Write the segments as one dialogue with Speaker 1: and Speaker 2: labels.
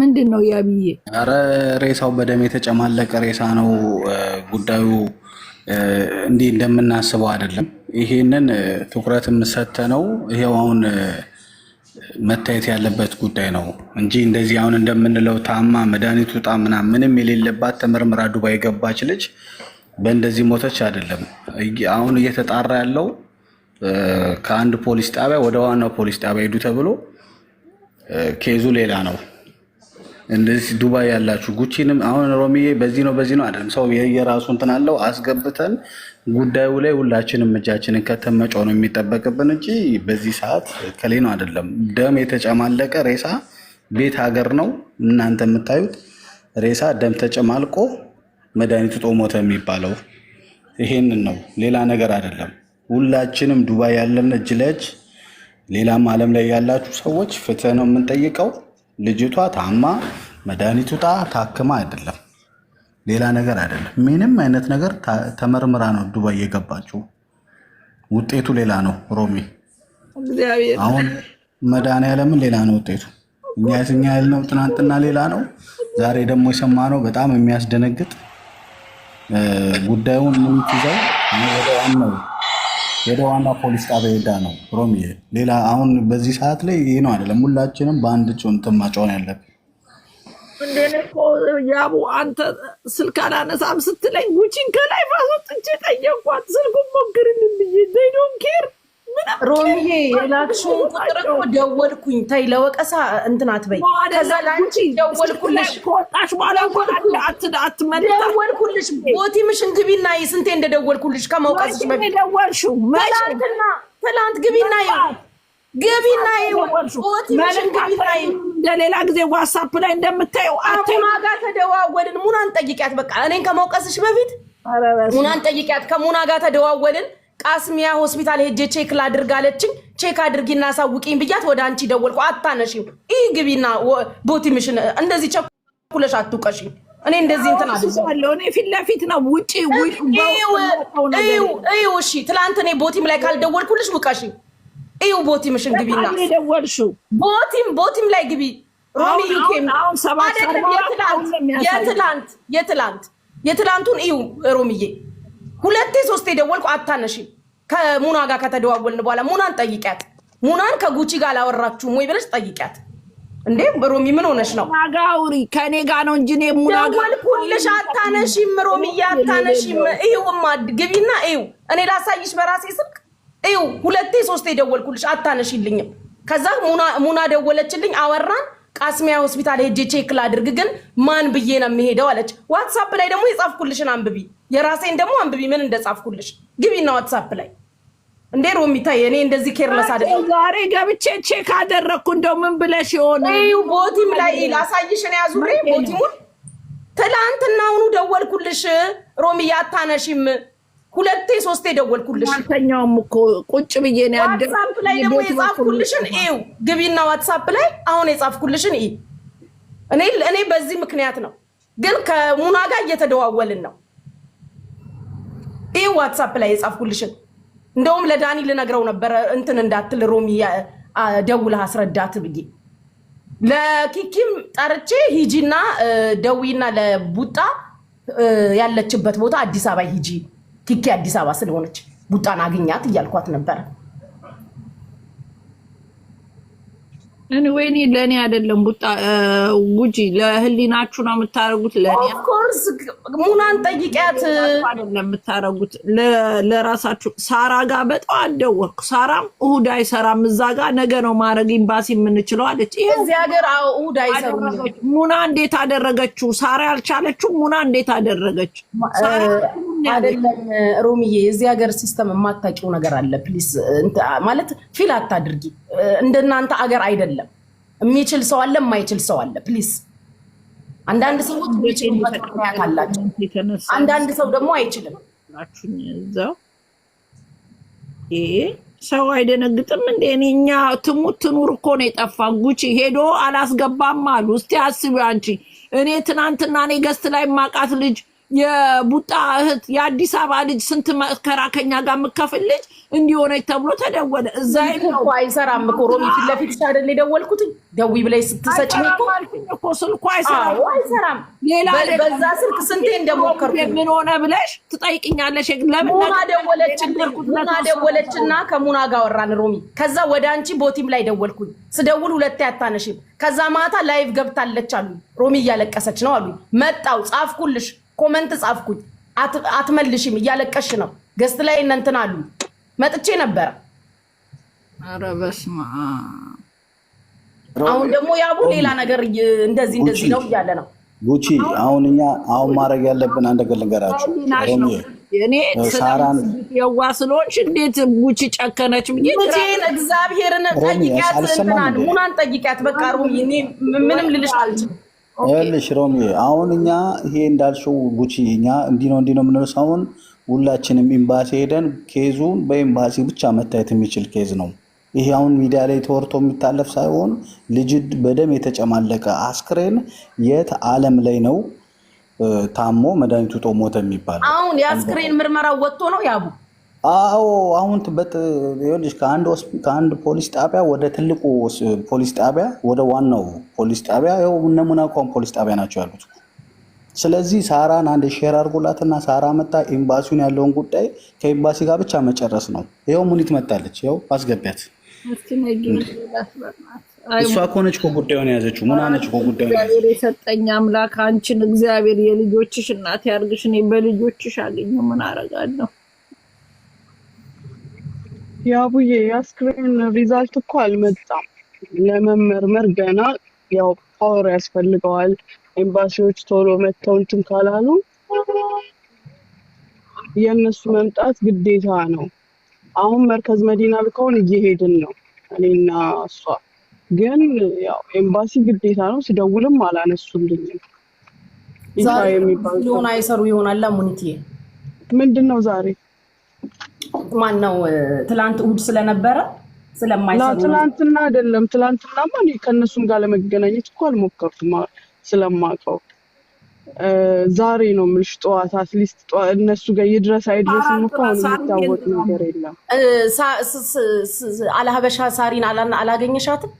Speaker 1: ምንድን ነው ያብዬ?
Speaker 2: አረ ሬሳው በደም የተጨማለቀ ሬሳ ነው። ጉዳዩ እንዲህ እንደምናስበው አይደለም። ይሄንን ትኩረት የምሰተ ነው። ይሄው አሁን መታየት ያለበት ጉዳይ ነው እንጂ እንደዚህ አሁን እንደምንለው ታማ መድኃኒቱ ጣምና ምንም የሌለባት ተመርምራ ዱባይ የገባች ልጅ በእንደዚህ ሞተች አይደለም። አሁን እየተጣራ ያለው ከአንድ ፖሊስ ጣቢያ ወደ ዋናው ፖሊስ ጣቢያ ሄዱ ተብሎ ኬዙ ሌላ ነው። እንደዚህ ዱባይ ያላችሁ ጉቺንም አሁን ሮሚዬ በዚህ ነው በዚህ ነው አይደለም። ሰው የየራሱ እንትን አለው። አስገብተን ጉዳዩ ላይ ሁላችንም እጃችንን ከተመጫው ነው የሚጠበቅብን እንጂ በዚህ ሰዓት ከሌ ነው አይደለም። ደም የተጨማለቀ ሬሳ ቤት ሀገር ነው እናንተ የምታዩት ሬሳ ደም ተጨማልቆ መድኃኒት ጦሞተ የሚባለው ይሄንን ነው፣ ሌላ ነገር አይደለም። ሁላችንም ዱባይ ያለን እጅ ለእጅ ሌላም ዓለም ላይ ያላችሁ ሰዎች ፍትህ ነው የምንጠይቀው። ልጅቷ ታማ መድኃኒቱ ጣ ታክማ አይደለም፣ ሌላ ነገር አይደለም። ምንም አይነት ነገር ተመርምራ ነው ዱባይ የገባችው። ውጤቱ ሌላ ነው። ሮሚ አሁን መድኃኒዓለምን ሌላ ነው ውጤቱ። እኛ የትኛ ነው ትናንትና ሌላ ነው፣ ዛሬ ደግሞ የሰማነው በጣም የሚያስደነግጥ ጉዳዩን ምን ነው ወደ ዋና ፖሊስ ጣቢያ ሄዳ ነው ሮሚ። ሌላ አሁን በዚህ ሰዓት ላይ ይህ ነው አይደለም። ሁላችንም በአንድ ጭንጥም ማጫወን ያለብ
Speaker 1: ያቡ አንተ ስልክ አላነሳም ስትለኝ ጉቺን ከላይ ባሶጥቼ ጠየኳት። ስልኩን ሞክርልኝ ብዬ ዘይዶን ኬር
Speaker 3: ሮሚዬ የላክሽውን ቁጥር እኮ ደወልኩኝ። ተይ ለወቀሳ እንትን አትበይ። ከዛ ላንቺ ደወልኩልሽ ደወልኩልሽ ቦቲምሽ እንግቢና ስንቴ እንደደወልኩልሽ ከመውቀስሽ በፊት ትላንትና ትላንት ግቢና ግቢና ቦቲምሽን ግቢና
Speaker 1: ለሌላ ጊዜ ዋትሳፕ ላይ እንደምታየው
Speaker 3: አቱማ ጋር ተደዋወልን። ሙናን ጠይቂያት። በቃ እኔን ከመውቀስሽ በፊት ሙናን ጠይቂያት። ከሙና ጋር ተደዋወልን ቃስሚያ ሆስፒታል ሄጄ ቼክ ላድርግ አለችኝ። ቼክ አድርጊና አሳውቂኝ ብያት ወደ አንቺ ደወልኩ። አታነሺም። ይህ ግቢና ቦቲ ምሽን እንደዚህ ቸኩለሽ አትውቀሽኝ። እኔ እንደዚህ እንትን
Speaker 1: አለው እኔ ፊት ለፊት ነው ውጪ
Speaker 3: ይው እሺ። ትላንት እኔ ቦቲም ላይ ካልደወልኩልሽ ውቀሽኝ። ይው ቦቲምሽን ግቢና ቦቲም ቦቲም ላይ ግቢ ሮሚ የትላንት የትላንት የትላንቱን እዩ ሮሚዬ ሁለቴ ሶስቴ ደወልኩ፣ አታነሺም። ከሙና ጋር ከተደዋወልን በኋላ ሙናን ጠይቂያት። ሙናን ከጉቺ ጋር አላወራችሁም ወይ ብለሽ ጠይቂያት። እንዴ ሮሚ ምን ሆነሽ ነው?
Speaker 1: ጋውሪ ከኔ ጋ ነው እንጂ እኔ
Speaker 3: ሙና ደወልኩልሽ፣ አታነሺም። ሮሚዬ አታነሺም። ግቢና ይኸው፣ እኔ ላሳይሽ በራሴ ስልክ ይኸው፣ ሁለቴ ሶስቴ ደወልኩልሽ፣ አታነሽልኝም። ከዛ ሙና ደወለችልኝ፣ አወራን ቃስሚያ ሆስፒታል ሄጄ ቼክ ላድርግ፣ ግን ማን ብዬ ነው የሚሄደው አለች። ዋትሳፕ ላይ ደግሞ የጻፍኩልሽን አንብቢ፣ የራሴን ደግሞ አንብቢ። ምን እንደጻፍኩልሽ ግቢና ዋትሳፕ ላይ እንዴ ሮሚታ፣ እኔ እንደዚህ
Speaker 1: ኬርለስ አይደለም። ዛሬ ገብቼ ቼክ አደረግኩ። እንደው ምን ብለሽ
Speaker 3: የሆነ ቦቲም ላይ ላሳይሽ ነው ያዙሬ ቦቲሙን ትላንትና አሁኑ ደወልኩልሽ ሮሚያ አታነሺም ሁለቴ ሶስቴ ደወልኩልሽ።
Speaker 1: ሁለተኛውም እኮ ቁጭ ብዬ
Speaker 3: ነው ያደ ዋትሳፕ ላይ ደግሞ የጻፍኩልሽን ይው ግቢና ዋትሳፕ ላይ አሁን የጻፍኩልሽን ይ እኔ እኔ በዚህ ምክንያት ነው ግን ከሙና ጋር እየተደዋወልን ነው። ይህ ዋትሳፕ ላይ የጻፍኩልሽን እንደውም ለዳኒ ልነግረው ነበረ እንትን እንዳትል ሮሚ ደውለህ አስረዳት ብዬ ለኪኪም ጠርቼ ሂጂና ደዊና ለቡጣ ያለችበት ቦታ አዲስ አበባ ሂጂ ኪኪ አዲስ አበባ ስለሆነች ቡጣን አግኛት እያልኳት ነበረ።
Speaker 1: ወይኔ ለእኔ አይደለም ቡጣ ጉጂ፣ ለህሊናችሁ ነው የምታደርጉት።
Speaker 3: ለኦፍኮርስ ሙናን ጠይቂያት
Speaker 1: አይደለም የምታደርጉት ለራሳችሁ። ሳራ ጋር በጠዋት ደወልኩ። ሳራም እሁድ አይሰራም እዛ ጋር ነገ ነው ማድረግ ኤምባሲ የምንችለው አለች።
Speaker 3: እዚህ ሀገር እሁድ አይሰሩም።
Speaker 1: ሙና እንዴት አደረገችው? ሳራ ያልቻለችው ሙና እንዴት አደረገች?
Speaker 3: አይደለም ሮሚዬ፣ የዚህ ሀገር ሲስተም የማታውቂው ነገር አለ። ፕሊስ ማለት ፊል አታድርጊ። እንደናንተ አገር አይደለም። የሚችል ሰው አለ፣ የማይችል ሰው አለ። ፕሊስ አንዳንድ ሰዎች የሚችሉበት ምክንያት አላቸው። አንዳንድ ሰው ደግሞ አይችልም። እዛው
Speaker 1: ይሄ ሰው አይደነግጥም እንደ እኛ ትሙት ትኑር እኮ ነው የጠፋ ጉቺ ሄዶ አላስገባም አሉ። እስቲ አስቢ አንቺ እኔ ትናንትና እኔ ገስት ላይ ማቃት ልጅ የቡጣ እህት የአዲስ አበባ ልጅ ስንት መከራ ከኛ ጋር የምከፍል ልጅ እንዲሆነች ተብሎ ተደወለ።
Speaker 3: እዛ እኮ አይሰራም እኮ ሮሚ፣ ፊት ለፊት አይደል የደወልኩትኝ ደዊ ብላይ ስትሰጭ እኮ ስልኩ አይሰራም። ሌላ በዛ ስልክ ስንቴ
Speaker 1: እንደሞከርኩ ምን ሆነ ብለሽ ትጠይቅኛለሽ።
Speaker 3: ለምን ደወለች እና ከሙና ጋር አወራን ሮሚ። ከዛ ወደ አንቺ ቦቲም ላይ ደወልኩኝ። ስደውል ሁለቴ አታነሽም። ከዛ ማታ ላይቭ ገብታለች አሉ ሮሚ፣ እያለቀሰች ነው አሉ። መጣው ጻፍኩልሽ ኮመንት ጻፍኩኝ። አትመልሽም እያለቀሽ ነው። ገስት ላይ እነንትን አሉ መጥቼ ነበረ።
Speaker 1: ኧረ በስመ አብ
Speaker 3: አሁን ደግሞ ያቡ ሌላ ነገር እንደዚህ እንደዚህ ነው እያለ ነው።
Speaker 2: ጉቺ አሁን እኛ አሁን ማድረግ ያለብን አንድ ነገር ልንገራችሁ።
Speaker 1: እኔ የዋ ስለሆንሽ እንዴት ጉቺ ጨከነች?
Speaker 3: ጉቺን እግዚአብሔርን ጠይቂያት፣ ሙናን ጠይቂያት። በቃ ሩሚ ምንም ልልሽ አልችልም።
Speaker 2: ይኸውልሽ ሮሚ አሁን እኛ ይሄ እንዳልሽው ጉቺ እኛ እንዲህ ነው እንዲህ ነው የምንለው ሁላችንም ኤምባሲ ሄደን ኬዙን በኤምባሲ ብቻ መታየት የሚችል ኬዝ ነው። ይሄ አሁን ሚዲያ ላይ ተወርቶ የሚታለፍ ሳይሆን ልጅ በደም የተጨማለቀ አስክሬን የት ዓለም ላይ ነው ታሞ መድኃኒቱ ጦሞተ የሚባል
Speaker 3: አሁን የአስክሬን ምርመራ ወጥቶ ነው ያቡ
Speaker 2: አዎ አሁን ትበት ከአንድ ፖሊስ ጣቢያ ወደ ትልቁ ፖሊስ ጣቢያ ወደ ዋናው ፖሊስ ጣቢያ ው እነ ሙናቋም ፖሊስ ጣቢያ ናቸው ያሉት። ስለዚህ ሳራን አንድ ሼር አድርጎላትና ሳራ መጣ። ኤምባሲውን ያለውን ጉዳይ ከኤምባሲ ጋር ብቻ መጨረስ ነው። ይኸው ሙኒት መጣለች፣ ው አስገቢያት። እሷ ከሆነች እኮ ጉዳዩን የያዘችው ምናነች እኮ
Speaker 1: ጉዳዩ የሰጠኝ አምላክ አንቺን እግዚአብሔር የልጆችሽ እናት ያርግሽ። እኔ በልጆችሽ አገኘ ምን አረጋለሁ?
Speaker 4: ያቡዬ የአስክሬን ሪዛልት እኮ አልመጣም። ለመመርመር ገና ያው ፓወር ያስፈልገዋል። ኤምባሲዎች ቶሎ መጥተው እንትን ካላሉ የእነሱ መምጣት ግዴታ ነው። አሁን መርከዝ መዲና ልከውን እየሄድን ነው እኔና እሷ። ግን ያው ኤምባሲ ግዴታ ነው። ስደውልም አላነሱልኝም።
Speaker 3: ይፋ አይሰሩ ይሆናል። ሙኒትዬ
Speaker 4: ምንድን ነው ዛሬ
Speaker 3: ማን ነው ትላንት እሑድ ስለነበረ ስለማይሰሩ
Speaker 4: ትላንትና አይደለም። ትላንትናማ እኔ ከእነሱም ጋር ለመገናኘት እኮ አልሞከርኩም ስለማውቀው ዛሬ ነው የምልሽ። ጠዋት አትሊስት እነሱ ጋር ይድረስ አይድረስ እንኳን የሚታወቅ ነገር የለም።
Speaker 3: አለሀበሻ ሳሪን አላገኘሻትም?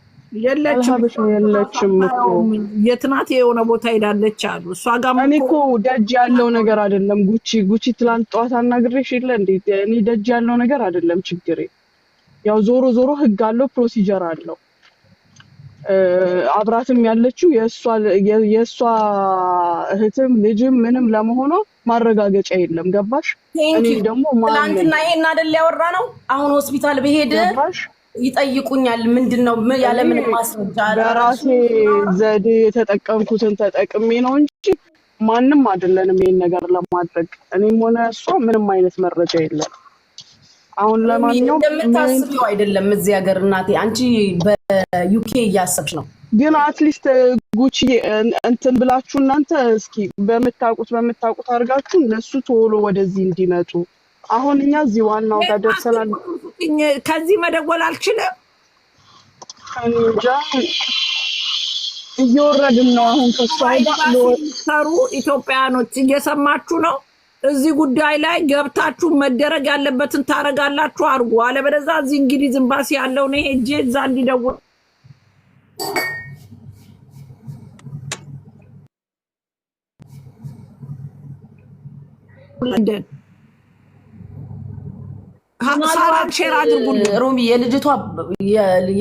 Speaker 4: የለችም እኮ
Speaker 1: የት ናት? የሆነ ቦታ ሄዳለች አሉ።
Speaker 4: እሷ ጋር እኔ እኮ ደጅ ያለው ነገር አይደለም። ጉቺ ጉቺ ትላንት ጠዋት አናግሬሽ የለ እንዴ? እኔ ደጅ ያለው ነገር አይደለም ችግሬ። ያው ዞሮ ዞሮ ህግ አለው ፕሮሲጀር አለው። አብራትም ያለችው የእሷ እህትም ልጅም ምንም ለመሆኗ ማረጋገጫ የለም። ገባሽ?
Speaker 3: እኔ ደግሞ ትላንትና ይሄን አይደል ያወራ ነው። አሁን ሆስፒታል ብሄድ ይጠይቁኛል። ምንድን ነው ያለምንም
Speaker 4: ማስረጃ በራሴ ዘዴ የተጠቀምኩትን ተጠቅሜ ነው እንጂ ማንም አይደለንም ይሄን ነገር ለማድረግ እኔም ሆነ እሷ ምንም አይነት መረጃ የለም።
Speaker 3: አሁን ለማንኛውም እንደምታስቢው አይደለም እዚህ ሀገር እናቴ፣ አንቺ በዩኬ እያሰብሽ ነው። ግን አትሊስት uh, ጉቺ እንትን ብላችሁ እናንተ እስኪ በምታውቁት በምታውቁት አድርጋችሁ እነሱ ቶሎ ወደዚህ እንዲመጡ አሁን እኛ እዚህ ዋናው ጋር ደርሰናል። ከዚህ መደወል አልችልም። እንጃ እየወረድን ነው አሁን ከሷ ኢትዮጵያኖች እየሰማችሁ ነው። እዚህ ጉዳይ ላይ ገብታችሁ መደረግ ያለበትን ታደርጋላችሁ አድርጉ። አለበለዛ እዚህ እንግሊዝ ኤምባሲ ያለው ነው ሄጄ እዛ እንዲደውል ለንደን ሳራን ሼር አድርጉ። ሮሚ የልጅቷ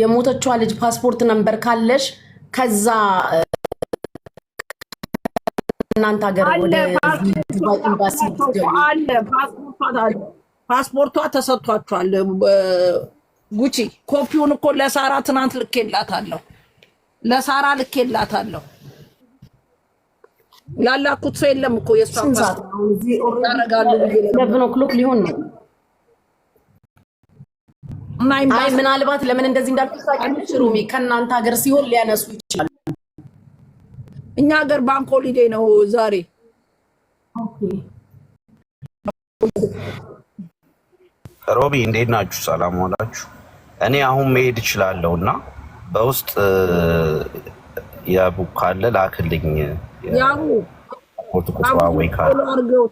Speaker 3: የሞተችዋ ልጅ ፓስፖርት ነንበር ካለሽ ከዛ እናንተ ሀገር ፓስፖርቷ ተሰጥቷቸዋል። ጉቺ ኮፒውን እኮ ለሳራ ትናንት ልኬላታለሁ። ለሳራ ልኬላታለሁ። ላላኩት ሰው የለም እኮ የእሷ ፓስፖርት ያደርጋሉ። ሊሆን ነው አይ ምናልባት ለምን እንደዚህ እንዳልተሳቀምሽ ሩሚ ከእናንተ ሀገር ሲሆን ሊያነሱ ይችላሉ። እኛ ሀገር ባንክ ሆሊዴ ነው ዛሬ። ሮቢ እንዴት ናችሁ? ሰላም ዋላችሁ። እኔ አሁን መሄድ እችላለሁ እና በውስጥ ያቡ ካለ ላክልኝ። ያቡ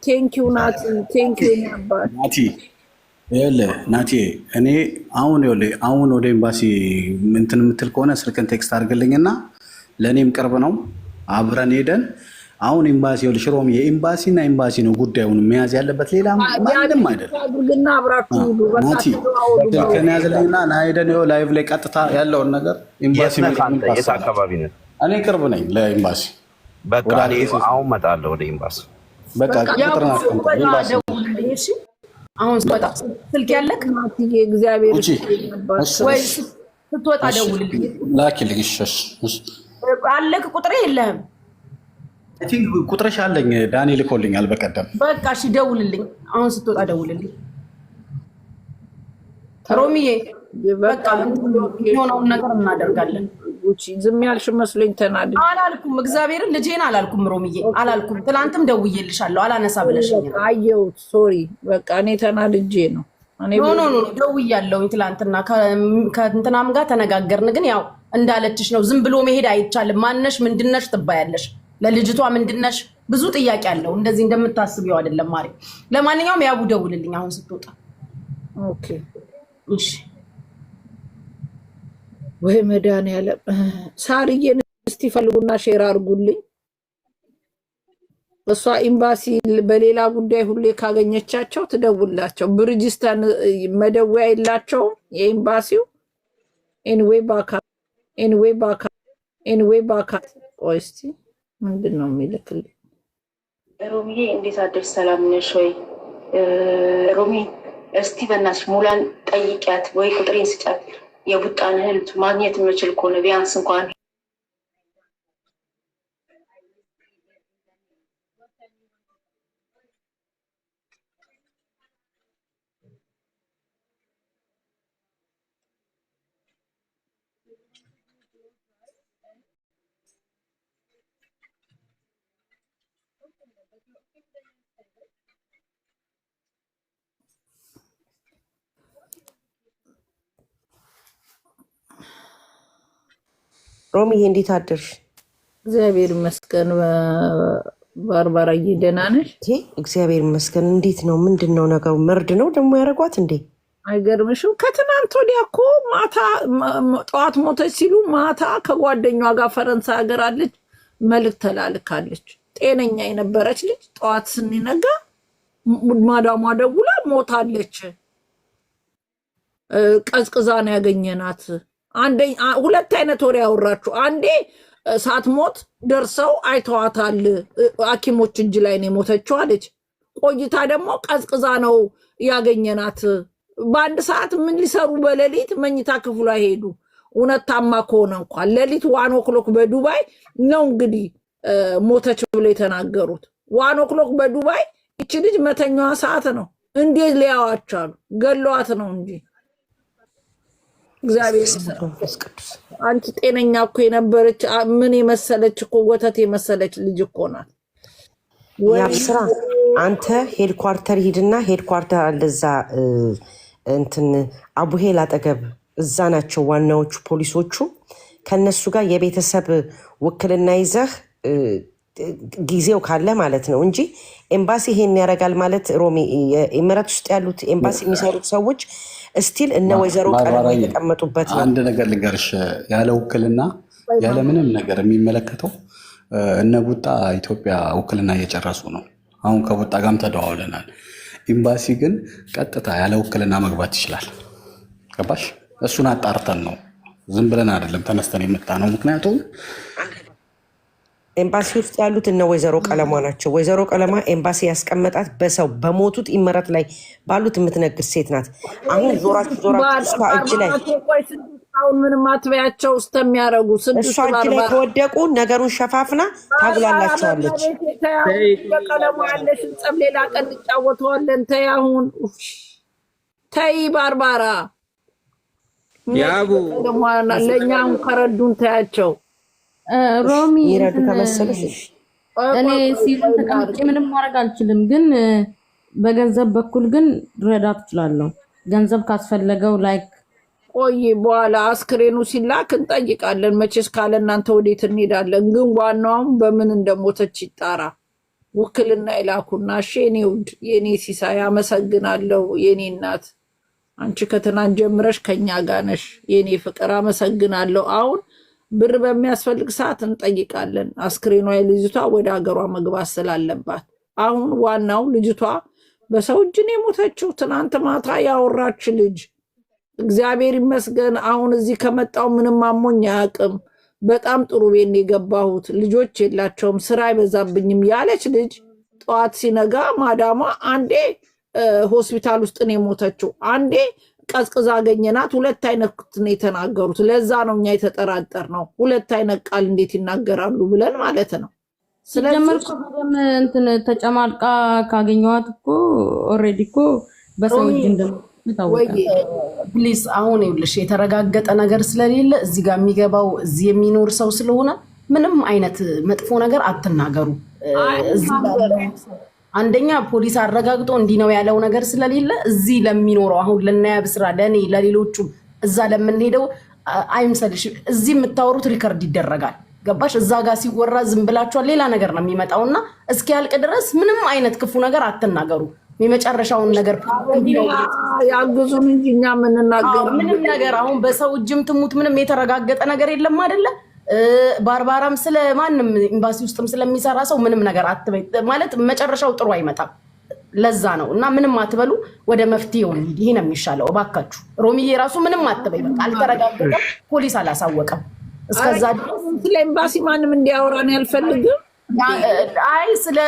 Speaker 3: ቴንኪው ናቲ ቴንኪው ነበር ይኸውልህ ናቴ እኔ አሁን ይኸውልህ አሁን ወደ ኤምባሲ እንትን የምትል ከሆነ ስልክን ቴክስት አድርግልኝና ለእኔም ቅርብ ነው። አብረን ሄደን አሁን ኤምባሲ ይኸውልሽ፣ የኤምባሲ የኤምባሲና ኤምባሲ ነው ጉዳዩን መያዝ ያለበት ሌላ ማንም አይደለም። ናቲ ያዝልኝና ና ሄደን ይኸው ላይቭ ላይ ቀጥታ ያለውን ነገር ኤምባሲ አካባቢ ነው። እኔ ቅርብ ነኝ ለኤምባሲ። በቃ አሁን እመጣለሁ ወደ ኤምባሲ። በቃ ቁጥር ናት ኤምባሲ አሁን ስትወጣ ስልክ ያለክ እግዚአብሔር ስትወጣ ደውልልኝ ላኪልኝ። እሺ አለክ ቁጥሬ የለህም? ቁጥርሽ አለኝ። ዳኒ ልኮልኛል በቀደም። በቃ እሺ ደውልልኝ። አሁን ስትወጣ ደውልልኝ ሮሚዬ። በቃ የሆነውን ነገር እናደርጋለን። ጉቺ ዝም ያልሽ መስሎኝ ተናድ አላልኩም። እግዚአብሔርን ልጄን አላልኩም፣ ሮምዬ አላልኩም። ትላንትም ደውዬልሻለሁ አላነሳ ብለሽኝ አየሁት። ሶሪ በቃ እኔ ተናድጄ ነው። ኖኖ ኖ ኖ ደውያለሁኝ። ትናንትና ከእንትናም ጋር ተነጋገርን፣ ግን ያው እንዳለችሽ ነው። ዝም ብሎ መሄድ አይቻልም። ማነሽ ምንድነሽ ትባያለሽ። ለልጅቷ ምንድነሽ ብዙ ጥያቄ አለው። እንደዚህ እንደምታስቢው አይደለም። ማሪ ለማንኛውም ያቡ ደውልልኝ አሁን ስትወጣ። ኦኬ እሺ ወይ መድኃኒዓለም ሳርዬን እስቲ ፈልጉና ሼር አድርጉልኝ። እሷ ኤምባሲ በሌላ ጉዳይ ሁሌ ካገኘቻቸው ትደውላቸው። ብርጅስተን መደወያ የላቸውም የኤምባሲው። ኤንዌይ ባካ ኤንዌይ ባካ ኤንዌይ ባካ። ቆይ እስቲ ምንድን ነው የሚልክልኝ? ሮሚዬ እንዴት አድር፣ ሰላም ነሽ ወይ ሮሚ? እስቲ በእናትሽ ሙላን ጠይቂያት ወይ ቁጥሬን ስጫት የቡጣን ህልት ማግኘት የምችል ከሆነ ቢያንስ እንኳን ሮሚዬ እንዴት አደርሽ? እግዚአብሔር ይመስገን። ባርባራዬ ደህና ነሽ? እግዚአብሔር ይመስገን። እንዴት ነው? ምንድን ነው ነገሩ? መርድ ነው ደግሞ ያደረጓት እንዴ? አይገርምሽም? ከትናንት ወዲያ እኮ ማታ ጠዋት ሞተች ሲሉ ማታ ከጓደኛዋ ጋር ፈረንሳይ ሀገር አለች መልክ ተላልካለች። ጤነኛ የነበረች ልጅ ጠዋት ስንነጋ ማዳሟ ደውላ ሞታለች፣ ቀዝቅዛ ነው ያገኘናት ሁለት አይነት ወሬ ያወራችሁ። አንዴ ሳትሞት ደርሰው አይተዋታል፣ ሐኪሞች እጅ ላይ ነው የሞተችው አለች። ቆይታ ደግሞ ቀዝቅዛ ነው ያገኘናት። በአንድ ሰዓት ምን ሊሰሩ በሌሊት መኝታ ክፍሉ ሄዱ። እውነት ታማ ከሆነ እንኳን ሌሊት ዋን ኦክሎክ በዱባይ ነው እንግዲህ ሞተች ብሎ የተናገሩት። ዋን ኦክሎክ በዱባይ ይቺ ልጅ መተኛዋ ሰዓት ነው። እንዴት ሊያዋቻሉ? ገለዋት ነው እንጂ እግዚአብሔር አንቺ ጤነኛ እኮ የነበረች ምን የመሰለች እኮ ወተት የመሰለች ልጅ እኮ ናት። ስራ አንተ ሄድኳርተር ሂድና ሄድኳርተር አለ እዛ እንትን አቡሄል አጠገብ እዛ ናቸው ዋናዎቹ ፖሊሶቹ። ከነሱ ጋር የቤተሰብ ውክልና ይዘህ ጊዜው ካለ ማለት ነው እንጂ ኤምባሲ ይሄን ያደርጋል ማለት ሮሚ ምረት ውስጥ ያሉት ኤምባሲ የሚሰሩት ሰዎች እስቲል እነ ወይዘሮ ቀለም የተቀመጡበት አንድ ነገር ልንገርሽ፣ ያለ ውክልና ያለ ምንም ነገር የሚመለከተው እነ ቡጣ ኢትዮጵያ ውክልና እየጨረሱ ነው። አሁን ከቡጣ ጋርም ተደዋውለናል። ኤምባሲ ግን ቀጥታ ያለ ውክልና መግባት ይችላል። ገባሽ? እሱን አጣርተን ነው ዝም ብለን አይደለም ተነስተን የመጣ ነው። ምክንያቱም ኤምባሲ ውስጥ ያሉት እነ ወይዘሮ ቀለማ ናቸው። ወይዘሮ ቀለማ ኤምባሲ ያስቀመጣት በሰው በሞቱት ኢመረት ላይ ባሉት የምትነግድ ሴት ናት። አሁን ዞራችሁ ዞራችሁ እሷ እጅ ላይ አሁን ምንም አትበያቸው እስከሚያደርጉ እሷ እጅ ላይ ከወደቁ ነገሩን ሸፋፍና ታጉላላቸዋለች። ቀለማ ያለሽን ጸብ ሌላ ቀን እንጫወተዋለን። ተይ አሁን ተይ ባርባራ ያቡ ለእኛ ከረዱን ተያቸው ሮሚ ይረዱ ከመሰለሽ እኔ ሲሉ ተቀምጬ ምንም ማድረግ አልችልም፣ ግን በገንዘብ በኩል ግን ረዳት እችላለሁ። ገንዘብ ካስፈለገው ላይክ ቆይ በኋላ አስክሬኑ ሲላክ እንጠይቃለን። መቼስ ካለ እናንተ ወዴት እንሄዳለን? ግን ዋናውም በምን እንደሞተች ይጣራ። ውክልና ይላኩና እሺ። የኔ ውድ የኔ ሲሳይ አመሰግናለሁ። የኔ እናት አንቺ ከትናንት ጀምረሽ ከኛ ጋነሽ የኔ ፍቅር አመሰግናለሁ። አሁን ብር በሚያስፈልግ ሰዓት እንጠይቃለን። አስክሬኗ ልጅቷ ወደ ሀገሯ መግባት ስላለባት አሁን ዋናው ልጅቷ በሰው እጅን የሞተችው ትናንት ማታ ያወራች ልጅ እግዚአብሔር ይመስገን አሁን እዚህ ከመጣው ምንም አሞኝ አያውቅም። በጣም ጥሩ ቤን የገባሁት ልጆች የላቸውም ስራ አይበዛብኝም ያለች ልጅ ጠዋት ሲነጋ ማዳሟ አንዴ ሆስፒታል ውስጥ ነው የሞተችው፣ አንዴ ቀዝቅዛ አገኘናት። ሁለት አይነት ነው የተናገሩት። ለዛ ነው እኛ የተጠራጠር ነው። ሁለት አይነት ቃል እንዴት ይናገራሉ ብለን ማለት ነው። ስለጀመርኩ ተጨማልቃ ካገኘዋት እኮ ኦልሬዲ እኮ በሰው እጅ ፕሊዝ አሁን ይኸውልሽ የተረጋገጠ ነገር ስለሌለ እዚህ ጋር የሚገባው እዚህ የሚኖር ሰው ስለሆነ ምንም አይነት መጥፎ ነገር አትናገሩ። አንደኛ ፖሊስ አረጋግጦ እንዲህ ነው ያለው ነገር ስለሌለ እዚህ ለሚኖረው አሁን ለናያብ ስራ፣ ለእኔ፣ ለሌሎቹም እዛ ለምንሄደው አይምሰልሽ። እዚህ የምታወሩት ሪከርድ ይደረጋል። ገባሽ? እዛ ጋር ሲወራ ዝም ብላችኋል። ሌላ ነገር ነው የሚመጣውና እስኪያልቅ ድረስ ምንም አይነት ክፉ ነገር አትናገሩ። የመጨረሻውን ነገር ያግዙን እንጂ እኛ ምንናገር ምንም ነገር አሁን በሰው እጅም ትሙት ምንም የተረጋገጠ ነገር የለም አይደለም ባርባራም ስለ ማንም ኤምባሲ ውስጥም ስለሚሰራ ሰው ምንም ነገር አትበይ ማለት መጨረሻው ጥሩ አይመጣም። ለዛ ነው እና ምንም አትበሉ፣ ወደ መፍትሄው እንሂድ። ይሄ ነው የሚሻለው። እባካችሁ ሮሚዬ ራሱ ምንም አትበይ፣ በቃ አልተረጋገጠም፣ ፖሊስ አላሳወቀም። እስከዛ ስለ ኤምባሲ ማንም እንዲያወራ ነው ያልፈልግም። አይ ስለ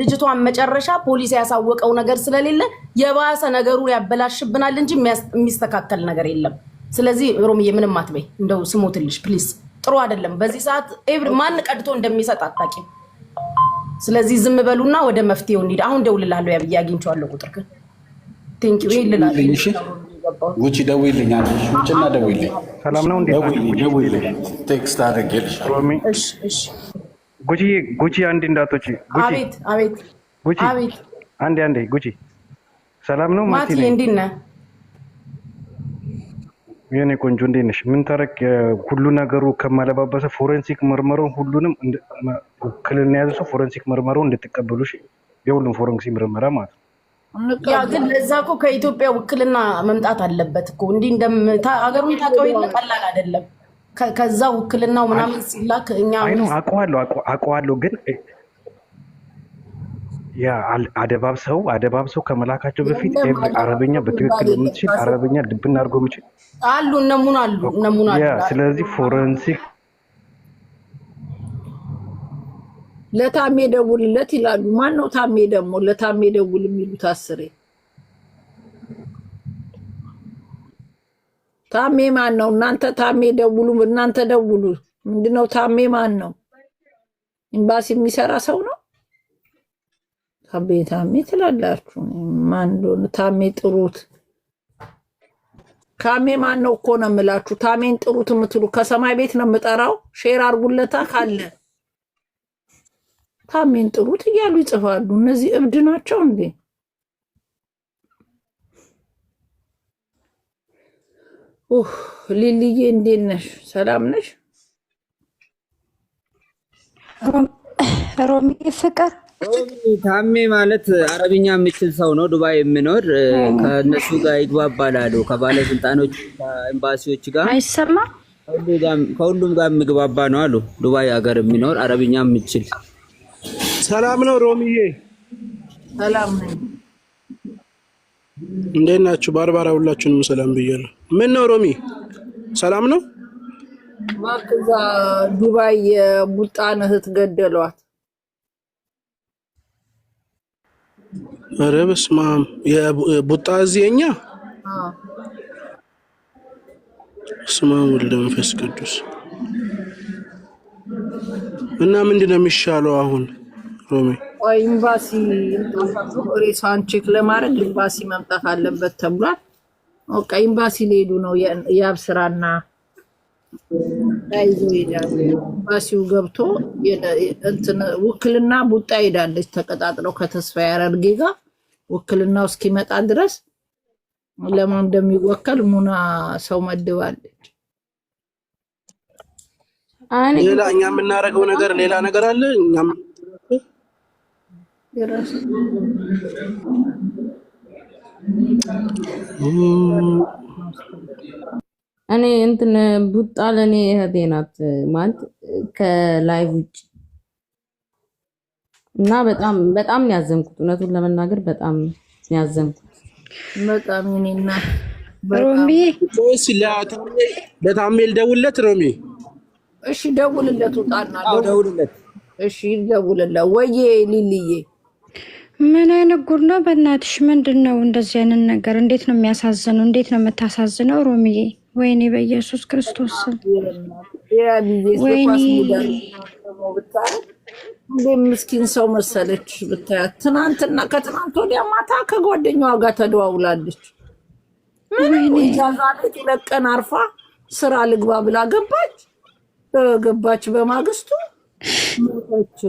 Speaker 3: ልጅቷን መጨረሻ ፖሊስ ያሳወቀው ነገር ስለሌለ የባሰ ነገሩ ያበላሽብናል እንጂ የሚስተካከል ነገር የለም። ስለዚህ ሮሚዬ ምንም አትበይ፣ እንደው ስሞትልሽ ፕሊስ ጥሩ አይደለም። በዚህ ሰዓት ማን ቀድቶ እንደሚሰጥ አታውቂም። ስለዚህ ዝም በሉና ወደ መፍትሄው እንሂድ። አሁን ደውልልሃለሁ። ያብዬ አግኝቼዋለሁ። ቁጥር ግን ቴንኪው። ይሄ ልላለሁ። ውጭ ደውይልኝ አለሽ። ውጭና ደውልኝ። ሰላም ነው እንዴ? ደውይልኝ፣ ቴክስት አድርጌልሻለሁ። ጉቺ ጉቺ፣ አንዴ እንዳትወጪ። አቤት፣ አቤት፣ ጉቺ አቤት። አንዴ፣ አንዴ። ጉቺ፣ ሰላም ነው ማቲ? እንዴት ነህ? የኔ ቆንጆ እንዴት ነሽ? ምን ታረቅ ሁሉ ነገሩ ከማለባበሰ ፎረንሲክ ምርመራውን ሁሉንም ክልልና የያዘ ሰው ፎረንሲክ ምርመራውን እንድትቀበሉ የሁሉም ፎረንሲክ ምርመራ ማለት ነው። ያ ግን ለዛ እኮ ከኢትዮጵያ ውክልና መምጣት አለበት እኮ እንዲህ ሀገሩን ታውቀው የለ ቀላል አይደለም። ከዛ ውክልናው ምናምን ሲላክ እኛ አውቀዋለሁ አውቀዋለሁ ግን ያ አደባብ ሰው አደባብ ሰው ከመላካቸው በፊት አረበኛ በትክክል የምትችል አረበኛ ድብን አድርጎ የምችል አሉ እነሙን አሉ እነሙን አሉ። ስለዚህ ፎረንሲክ ለታሜ ደውልለት ይላሉ። ማን ነው ታሜ? ደግሞ ለታሜ ደውል የሚሉት አስሬ ታሜ ማን ነው? እናንተ ታሜ ደውሉ፣ እናንተ ደውሉ። ምንድነው ታሜ ማን ነው? ኤምባሲ የሚሰራ ሰው ነው ታሜ ታሜ ትላላችሁ። ማን እንደሆነ ታሜ ጥሩት። ካሜ ማን ነው እኮ ነው የምላችሁ። ታሜን ጥሩት የምትሉ ከሰማይ ቤት ነው የምጠራው። ሼር አርጉለታ ካለ ታሜን ጥሩት እያሉ ይጽፋሉ። እነዚህ እብድ ናቸው እንዴ? ሊልዬ እንዴት ነሽ? ሰላም ነሽ? ሮሚ ፍቅር ታሜ ማለት አረብኛ የምችል ሰው ነው። ዱባይ የምኖር ከእነሱ ጋር ይግባባላሉ። ከባለስልጣኖች ኤምባሲዎች ጋር አይሰማ ከሁሉም ጋር የሚግባባ ነው አሉ። ዱባይ ሀገር የሚኖር አረብኛ የምችል ሰላም ነው። ሮሚዬ ሰላም ነው። እንዴት ናችሁ? ባርባራ ሁላችሁንም ሰላም ነው። ምን ነው ሮሚ ሰላም ነው። ማክዛ ዱባይ የቡጣን እህት ገደሏት። ኧረ በስመ አብ የቡጣ እዚኛ ስመ አብ ወልደ መንፈስ ቅዱስ እና ምንድን ነው የሚሻለው አሁን ሮሜ ወይ ኤምባሲ ሬሳን ቼክ ለማድረግ ኤምባሲ መምጣት አለበት ተብሏል። ኦኬ ኤምባሲ ሊሄዱ ነው። የአብ ስራና ታይዞ ይሄዳል። ኤምባሲው ገብቶ እንትን ውክልና ቡጣ ይሄዳለች ተቀጣጥለው ከተስፋዬ አራርጌ ጋር ውክልናው እስኪመጣ ድረስ ለማ እንደሚወከል ሙና ሰው መድባለች። ሌላ እኛ የምናደርገው ነገር ሌላ ነገር አለ። እኛም እኔ እንትን ቡጣ ለእኔ እህቴ ናት ማለት ከላይቭ ውጭ እና በጣም በጣም ነው ያዘንኩት። እውነቱን ለመናገር በጣም ነው ያዘንኩት። በጣም እኔና ሮሚ ቶስ ለታሜል ደውልለት። ሮሚ እሺ ደውልለት፣ ውጣና ደውልለት። እሺ ደውልለት። ወይዬ ሊልዬ ምን አይነት ጉድ ነው? በእናትሽ ምንድን ነው እንደዚህ አይነት ነገር? እንዴት ነው የሚያሳዝነው? እንዴት ነው የምታሳዝነው ሮሚዬ? ወይኔ በኢየሱስ ክርስቶስ ወይኔ ምስኪን ሰው መሰለች ብታያት። ትናንትና ከትናንት ወዲያ ማታ ከጓደኛዋ ጋር ተደዋውላለች። ምን ኢጃዛ ቤት ለቀን አርፋ ስራ ልግባ ብላ ገባች። ገባች በማግስቱ ሞተች።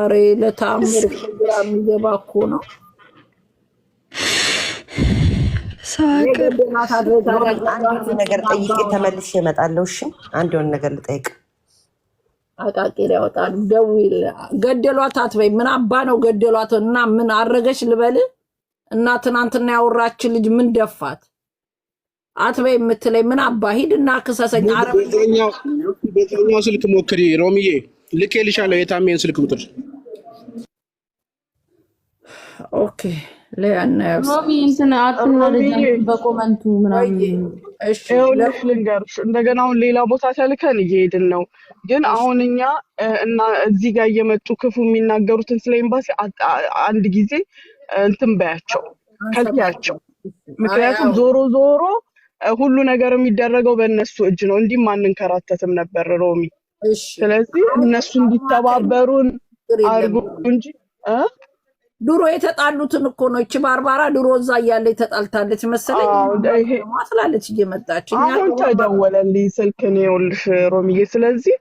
Speaker 3: አሬ ለታምር ግራ የሚገባ እኮ ነው። ነገር ጠይቄ ተመልሼ እመጣለሁ። እሺ፣ አንድ የሆነ ነገር ልጠይቅ። አቃቂር ገደሏት አትበይ። ምን አባ ነው ገደሏት እና ምን አረገች ልበል እና ትናንትና ያወራችን ልጅ ምን ደፋት አትበይ የምትለኝ ምን አባ ሂድና ክሰሰኝ። በዛኛው ስልክ ሞክሪ ሮሚዬ፣ ልኬልሻለሁ የታሜን ስልክ ቁጥር ኦኬ በኮመንቱ ልንገርሽ እንደገና አሁን ሌላ ቦታ ተልከን እየሄድን ነው። ግን አሁን እኛ እና እዚህ ጋር እየመጡ ክፉ የሚናገሩትን ስለ ኤምባሲ አንድ ጊዜ እንትን በያቸው ከልያቸው። ምክንያቱም ዞሮ ዞሮ ሁሉ ነገር የሚደረገው በእነሱ እጅ ነው። እንዲህ ማንንከራተትም ነበር ሮሚ። ስለዚህ እነሱ እንዲተባበሩን አድርጉ እንጂ ድሮ የተጣሉትን እኮ ነው። ይቺ ባርባራ ድሮ እዛ እያለ ተጣልታለች መሰለኝ ትላለች እየመጣች። አሁን ተደወለልኝ ስልክ እኔ ይኸውልሽ ሮምዬ፣ ስለዚህ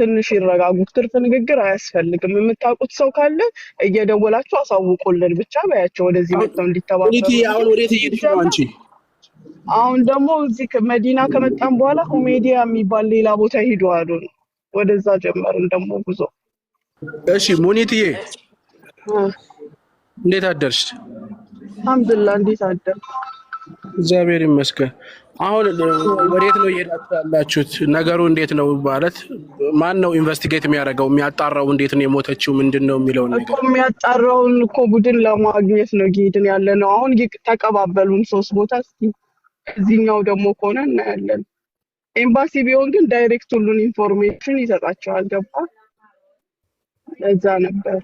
Speaker 3: ትንሽ ይረጋጉ። ትርፍ ንግግር አያስፈልግም። የምታውቁት ሰው ካለ እየደወላችሁ አሳውቁልን ብቻ በያቸው። ወደዚህ መጥተው እንዲተባበሩ። አሁን ደግሞ እዚህ መዲና ከመጣም በኋላ ሁሜዲያ የሚባል ሌላ ቦታ ሂዱ አሉ። ወደዛ ጀመርን ደግሞ ጉዞ። እሺ ሙኒትዬ እንዴት አደርሽ? አልሐምዱሊላህ። እንዴት አደርሽ? እግዚአብሔር ይመስገን። አሁን ወዴት ነው እየሄዳችሁ ያላችሁት? ነገሩ እንዴት ነው ማለት ማን ነው ኢንቨስቲጌት የሚያደርገው የሚያጣራው? እንዴት ነው የሞተችው? ምንድን ነው የሚለውን ነገር የሚያጣራውን እኮ ቡድን ለማግኘት ነው እየሄድን ያለ ነው። አሁን ተቀባበሉን ሶስት ቦታ። እስኪ እዚህኛው ደግሞ ከሆነ እናያለን። ኤምባሲ ቢሆን ግን ዳይሬክት ሁሉን ኢንፎርሜሽን ይሰጣቸዋል። ገባ ለዛ ነበር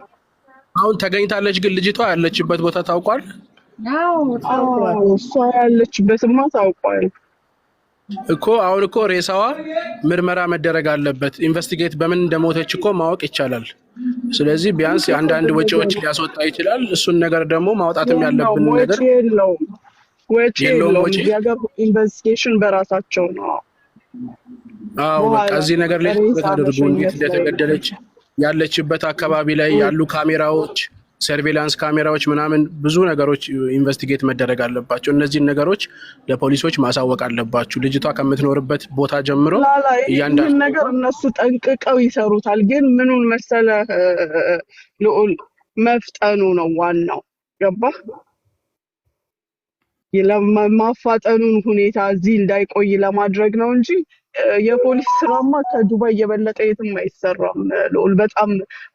Speaker 3: አሁን ተገኝታለች፣ ግን ልጅቷ ያለችበት ቦታ ታውቋል? እሷ ያለችበትማ ታውቋል እኮ አሁን እኮ ሬሳዋ ምርመራ መደረግ አለበት። ኢንቨስቲጌት በምን እንደሞተች እኮ ማወቅ ይቻላል። ስለዚህ ቢያንስ አንዳንድ ወጪዎች ሊያስወጣ ይችላል። እሱን ነገር ደግሞ ማውጣትም ያለብን ነገር ኢንቨስቲጌሽን በራሳቸው ነው። አዎ በቃ እዚህ ነገር ላይ አድርጉ፣ እንዴት እንደተገደለች ያለችበት አካባቢ ላይ ያሉ ካሜራዎች፣ ሰርቬላንስ ካሜራዎች ምናምን ብዙ ነገሮች ኢንቨስቲጌት መደረግ አለባቸው። እነዚህን ነገሮች ለፖሊሶች ማሳወቅ አለባችሁ። ልጅቷ ከምትኖርበት ቦታ ጀምሮ እያንዳንዱ ነገር እነሱ ጠንቅቀው ይሰሩታል። ግን ምኑን መሰለ ልዑል መፍጠኑ ነው ዋናው ገባ ማፋጠኑን ሁኔታ እዚህ እንዳይቆይ ለማድረግ ነው እንጂ የፖሊስ ስራማ ከዱባይ የበለጠ የትም አይሰራም። ልዑል በጣም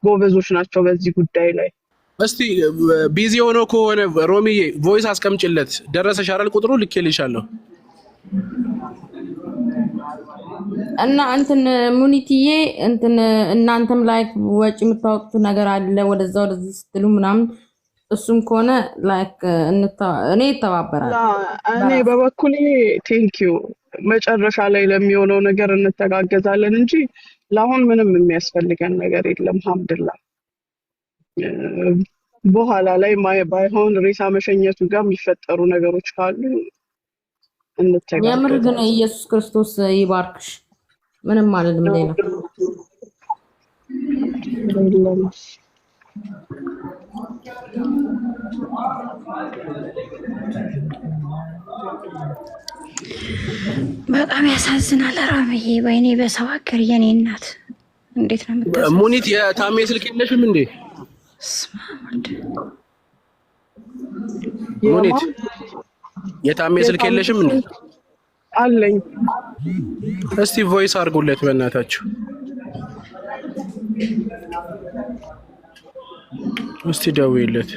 Speaker 3: ጎበዞች ናቸው በዚህ ጉዳይ ላይ። እስቲ ቢዚ ሆኖ ከሆነ ሮሚዬ ቮይስ አስቀምጭለት። ደረሰሽ አይደል? ቁጥሩ ልኬልሻለሁ። እና እንትን ሙኒትዬ እንትን እናንተም ላይ ወጪ የምታወጡት ነገር አለ ወደዛ ወደዚህ ስትሉ ምናምን እሱም ከሆነ uh, እኔ ይተባበራል። እኔ በበኩሌ ቴንኪዩ መጨረሻ ላይ ለሚሆነው ነገር እንተጋገዛለን እንጂ ለአሁን ምንም የሚያስፈልገን ነገር የለም። ሀምድላ በኋላ ላይ ባይሆን ሬሳ መሸኘቱ ጋር የሚፈጠሩ ነገሮች ካሉ እንተጋገዛለን። የምር ግን ኢየሱስ ክርስቶስ ይባርክሽ። ምንም አልልም ሌላ በጣም ያሳዝናል። አራምዬ ወይኔ በሰው ሀገር የኔ እናት እንዴት ነው ምታ ሙኒት የታሜ ስልክ የለሽም እንዴ? ሙኒት የታሜ ስልክ የለሽም እንዴ? አለኝ። እስቲ ቮይስ አድርጉለት በእናታችሁ። እስቲ ደውይለት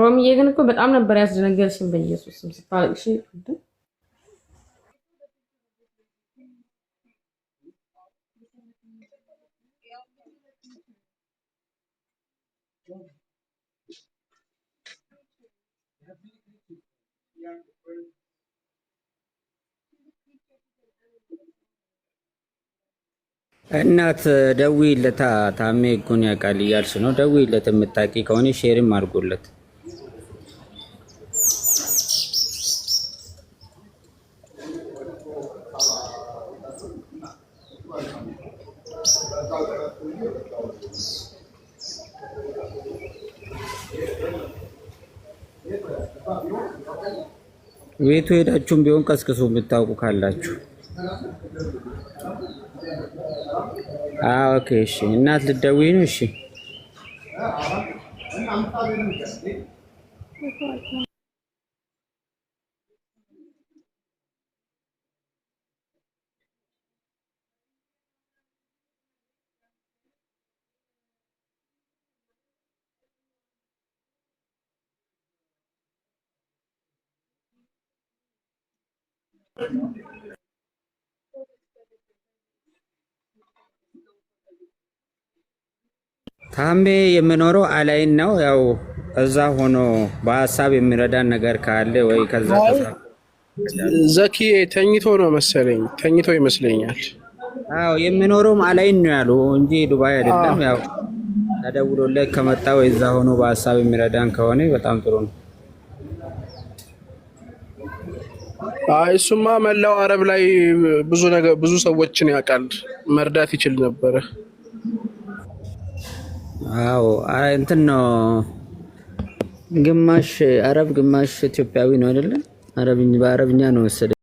Speaker 3: ሮሚዬ ግን እኮ በጣም ነበር ያስደነገርሽን። በኢየሱስ ስም ስታለቅሽ እናት ደዊ ለታ ታሜ ጉን ነው ያውቃል እያልሽ ነው። ደውዪለት፣ የምታውቂ ከሆነ ሼርም አድርጎለት ቤቱ ሄዳችሁም ቢሆን ቀስቅሱ የምታውቁ ካላችሁ። ኦኬ እሺ፣ እናት ልትደውይ ነው? እሺ ታምቤ የምኖረው አላይን ነው። ያው እዛ ሆኖ በሀሳብ የሚረዳን ነገር ካለ ወይ ከዛ ዘኪ ተኝቶ ነው መሰለኝ፣ ተኝቶ ይመስለኛል። አዎ የምኖረውም አላይን ነው ያሉ እንጂ ዱባይ አይደለም። ያው ተደውሎለት ከመጣ ወይ እዛ ሆኖ በሀሳብ የሚረዳን ከሆነ በጣም ጥሩ ነው። አይ እሱማ መላው አረብ ላይ ብዙ ነገር ብዙ ሰዎችን ያውቃል፣ መርዳት ይችል ነበረ። አዎ እንትን ነው፣ ግማሽ አረብ ግማሽ ኢትዮጵያዊ ነው አይደለ? አረብኛ በአረብኛ ነው ወሰደ